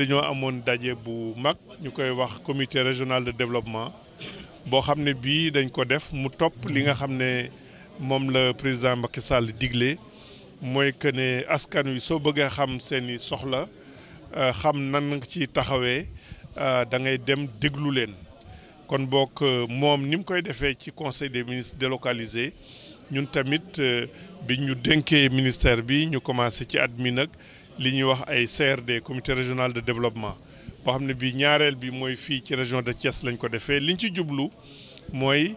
dañoo amoon daje bu mag ñu koy wax comité régional de développement boo xam ne bii dañ ko def mu topp li nga xam ne moom la président Macky Sall digle mooy que ne askan wi soo bëggee xam seeni soxla euh, xam nan nga ci taxawee euh, da ngay dem déglu leen kon bokk euh, moom ni mu koy defee ci conseil des ministres délocalisé ñun tamit bi ñu dénkee ministère bi ñu commencé ci at mi nag li ñuy wax ay CRD comité régional de développement boo xam ne bii ñaareel bi mooy fii ci région de Thiès lañ ko defee li ñu ci jublu mooy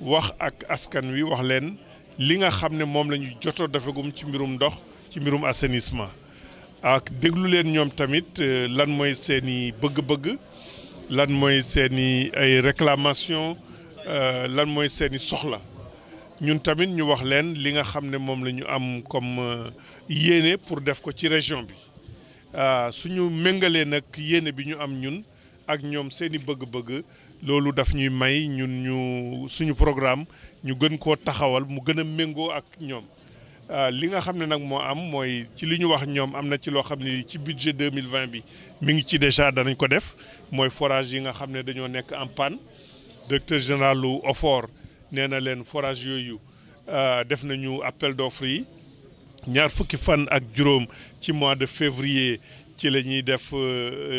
wax ak askan wi wax leen li nga xam ne moom la ñu jotoo dafegum ci mbirum ndox ci mbirum assainissement ak déglu leen ñoom tamit euh, lan mooy seeni bëgg-bëgg lan mooy seeni i ay réclamation euh, lan mooy seeni soxla ñun tamit ñu wax leen li nga xam ne moom la ñu am comme euh, yéene pour def ko ci région bi euh, suñu méngalee nag yéene bi ñu am ñun ak ñoom seeni bëgg-bëgg loolu daf ñuy may ñun ñu suñu programme ñu gën koo taxawal mu gën a méngoo ak ñoom euh, li nga xam ne nag moo am mooy ci li ñu wax ñoom am na ci loo xam ne ci budget 2020 bi mi ngi ci déjà danañ ko def mooy forage yi nga xam ne dañoo nekk en panne directeur général lu OFOR nee na leen forage yooyu euh, def nañu appel d'offre yi ñaar fukki fan ak juróom ci mois de février ci la ñuy def euh,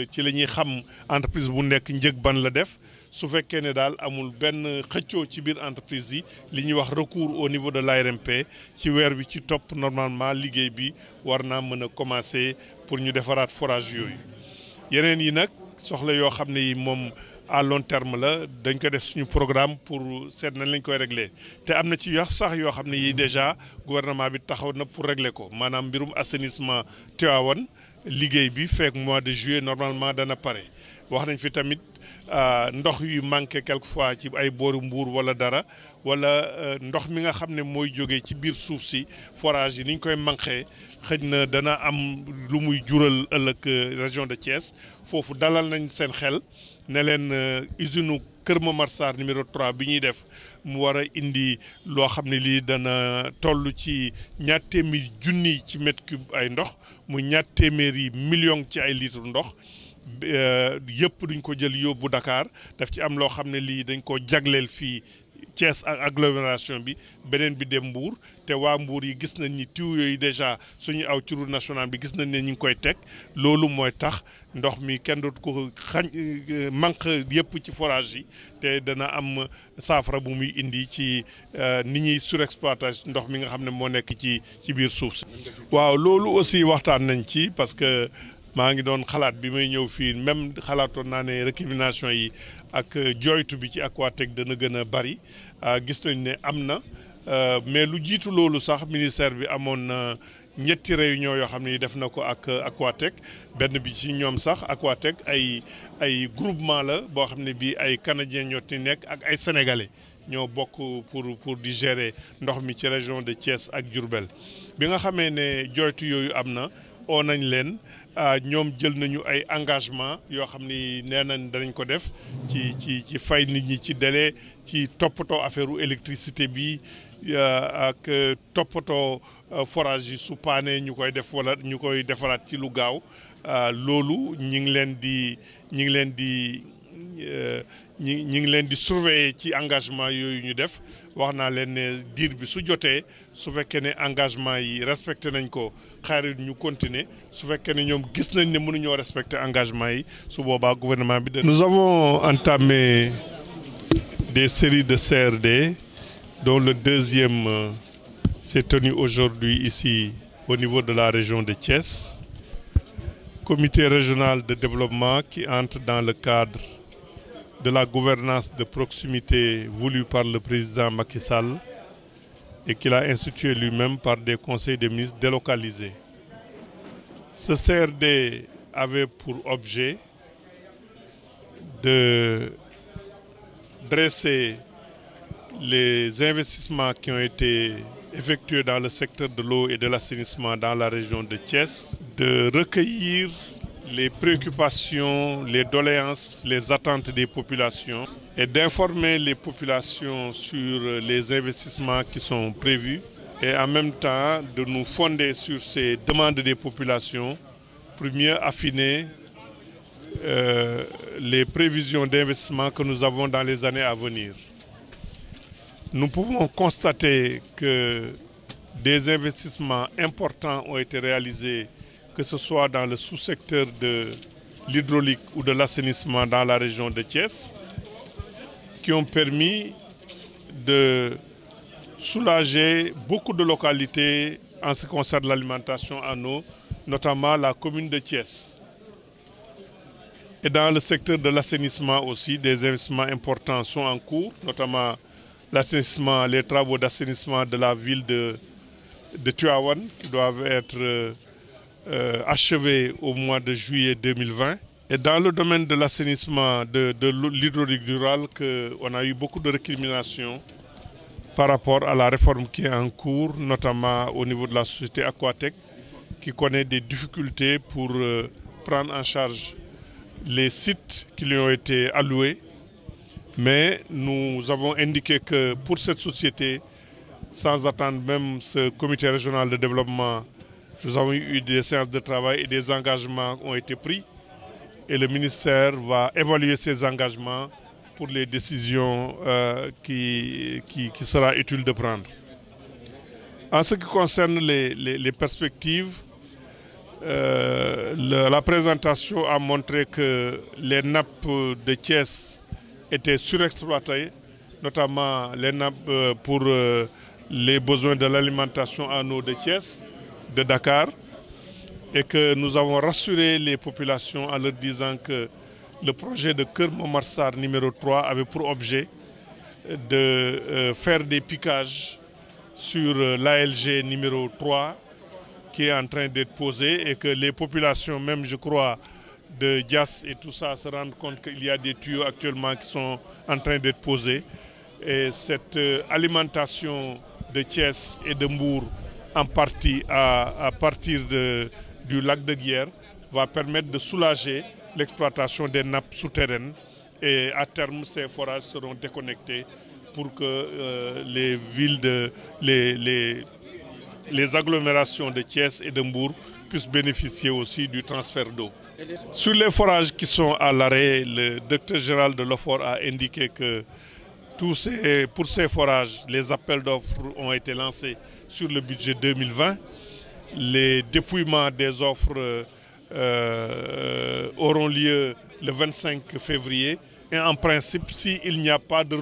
euh, ci la ñuy xam entreprise bu nekk njëg ban la def su fekkee ne daal amul benn xëccoo ci biir entreprise yi li ñuy wax recours au niveau de l'ARMP ci weer bi ci topp normalement liggéey bi war naa mën a commencer pour ñu defaraat forage yooyu yeneen yi nag soxla yoo xam ne yi moom à long terme la dañ ko def suñu programme pour seet nañ lañ koy régler te am na ci yax sax yoo xam ne yii déjà gouvernement bi taxaw na pour régler ko maanaam mbirum assainissement Tivaouane liggéey bi fekk mois de juillet normalement dana pare wax nañ fi tamit Euh, ndox yu manqué fois ci ay booru mbuur wala dara wala euh, ndox mi nga xam ne mooy jóge ci biir suuf si forage yi niñ koy manqué xëj na dana am lu muy jural ëllëg euh, région de Thiès foofu dalal nañ seen xel ne leen usine Kër Momar Sarr numéro trois bi ñuy def mu war a indi loo xam ne lii dana toll ci ñaar téeméeri junni ci mètre cube ay ndox mu ñaar téeméeri million ci ay litres ndox. Euh, yëpp duñ ko jël yóbbu Dakar daf ci am loo xam ne lii dañ ko jagleel fii Thiès ak agglomération bi beneen bi dem Mbour te waa Mbour yi gis nañ ni tuyaux yooyu déjà suñu aw ci route nationale bi gis nañ ne ñu ngi koy teg loolu mooy tax ndox mi kenn dootu ko xañ euh, manque yëpp ci forage yi te dana am saafara bu muy indi ci euh, ni ñuy surexploitation ndox mi nga xam ne moo nekk ci ci biir suuf si. waaw loolu aussi waxtaan nañ ci parce que. maa ngi doon xalaat bi may ñëw fii même xalaatoon naa ne récrimination yi ak euh, jooytu bi ci Aquatech dana gën a bari ah, gis nañ ne am na euh, mais lu jiitu loolu sax ministère bi amoon na ñetti réunion yoo xam ne def na ko ak euh, Aquatech benn bi ci ñoom sax Aquatech ay ay groupement la boo xam ne bii ay canadiens ñoo ci nekk ak ay sénégalais ñoo bokk pour pour di gérer ndox mi ci région de Thiès ak Diourbel bi nga xamee ne joytu yooyu am na. oo nañ leen ah, ñoom jël nañu ay engagement yoo xam ni nee nañ danañ ko def ci ci ci fay nit ñi ci délai ci toppatoo affaire u électricité bi ah, ak toppatoo ah, forage yi su paane ñu koy def wala ñu koy defaraat ci lu gaaw loolu ñi ngi leen di ñi ngi leen di ñi ñi ngi leen di surveiller ci engagement yooyu ñu def wax naa leen ne diir bi su jotee su fekkee ne engagement yi respecté nañ ko xaarit ñu continuer su fekkee ne ñoom gis nañ ne mënuñoo respecter engagement yi su boobaa gouvernement bi. nous avons entamé des séries de CRD dont le deuxième euh, s'est tenu aujourd'hui ici au niveau de la région de Thiès comité régional de développement qui entre dans le cadre de la gouvernance de proximité voulue par le président Macky Sall et qu'il a institué lui-même par des conseils des ministres délocalisés. Ce CRD avait pour objet de dresser les investissements qui ont été effectués dans le secteur de l'eau et de l'assainissement dans la région de Thiès, de recueillir les préoccupations, les doléances, les attentes des populations et d'informer les populations sur les investissements qui sont prévus et en même temps de nous fonder sur ces demandes des populations pour mieux affiner euh, les prévisions d'investissement que nous avons dans les années à venir. Nous pouvons constater que des investissements importants ont été réalisés que ce soit dans le sous-secteur de l'hydraulique ou de l'assainissement dans la région de Thiès, qui ont permis de soulager beaucoup de localités en ce qui concerne l'alimentation en eau, notamment la commune de Thiès. Et dans le secteur de l'assainissement aussi, des investissements importants sont en cours, notamment les travaux d'assainissement de la ville de, de Tuawan qui doivent être euh, Euh, achevé au mois de juillet 2020. Et dans le domaine de l'assainissement de, de l'hydraulique rurale, que on a eu beaucoup de récriminations par rapport à la réforme qui est en cours, notamment au niveau de la société Aquatech, qui connaît des difficultés pour euh, prendre en charge les sites qui lui ont été alloués. Mais nous avons indiqué que pour cette société, sans attendre même ce comité régional de développement Nous avons eu des séances de travail et des engagements ont été pris. Et le ministère va évaluer ces engagements pour les décisions euh, qui, qui, qui, sera utile de prendre. En ce qui concerne les, les, les perspectives, euh, le, la présentation a montré que les nappes de Thiès étaient surexploitées, notamment les nap euh, pour euh, les besoins de l'alimentation en eau de Thiès. de Dakar et que nous avons rassuré les populations en leur disant que le projet de Cœur Montmartre numéro 3 avait pour objet de euh, faire des piquages sur euh, l'ALG numéro 3 qui est en train d'être posé et que les populations même je crois de Dias et tout ça se rendent compte qu'il y a des tuyaux actuellement qui sont en train d'être posés et cette euh, alimentation de Thiès et de Mbour en partie à, à partir de, du lac de Guerre va permettre de soulager l'exploitation des nappes souterraines et à terme ces forages seront déconnectés pour que euh, les villes de les, les, les agglomérations de Thiès et de Mbour puissent bénéficier aussi du transfert d'eau. Sur les forages qui sont à l'arrêt, le directeur général de l'OFOR a indiqué que tous ces, pour ces forages, les appels d'offres ont été lancés sur le budget 2020. Les dépouillements des offres euh, euh auront lieu le 25 février. Et en principe, s'il n'y pas de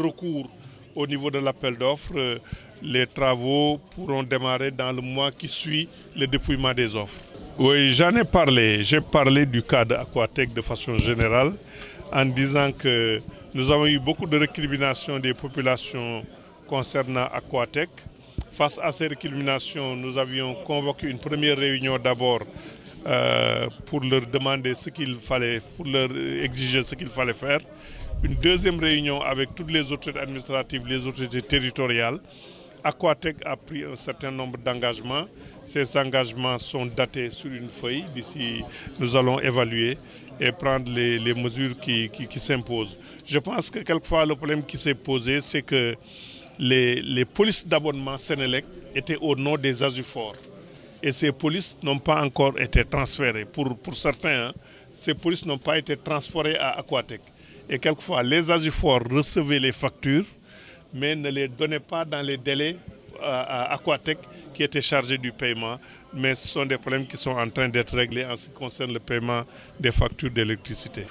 au niveau de l'appel d'offres, euh, les travaux pourront démarrer dans le mois qui suit le dépouillement des offres. Oui, j'en ai parlé. J'ai parlé du cadre aquatique de façon générale en disant que nous avons eu beaucoup des populations concernant Aquatech. Face à ces récriminations, nous avions convoqué une première réunion d'abord euh, pour leur demander ce qu'il fallait, pour leur exiger ce qu'il fallait faire. Une deuxième réunion avec toutes les autorités administratives, les autorités territoriales. Aquatec a pris un certain nombre d'engagements. Ces engagements sont datés sur une feuille. D'ici, nous allons évaluer et prendre les, les mesures qui, qui, qui s'imposent. Je pense que quelquefois, le problème qui s'est posé, c'est que les, les polices d'abonnement Sénélec étaient au nom des ASUFOR. Et ces polices n'ont pas encore été transférées. Pour, pour certains, hein, ces polices n'ont pas été transférées à Aquatec. Et quelquefois, les ASUFOR recevaient les factures, mais ne les donnaient pas dans les délais euh, à, à Aquatec qui était chargé du paiement. Mais ce sont des problèmes qui sont en train d'être réglés en ce qui concerne le paiement des factures d'électricité.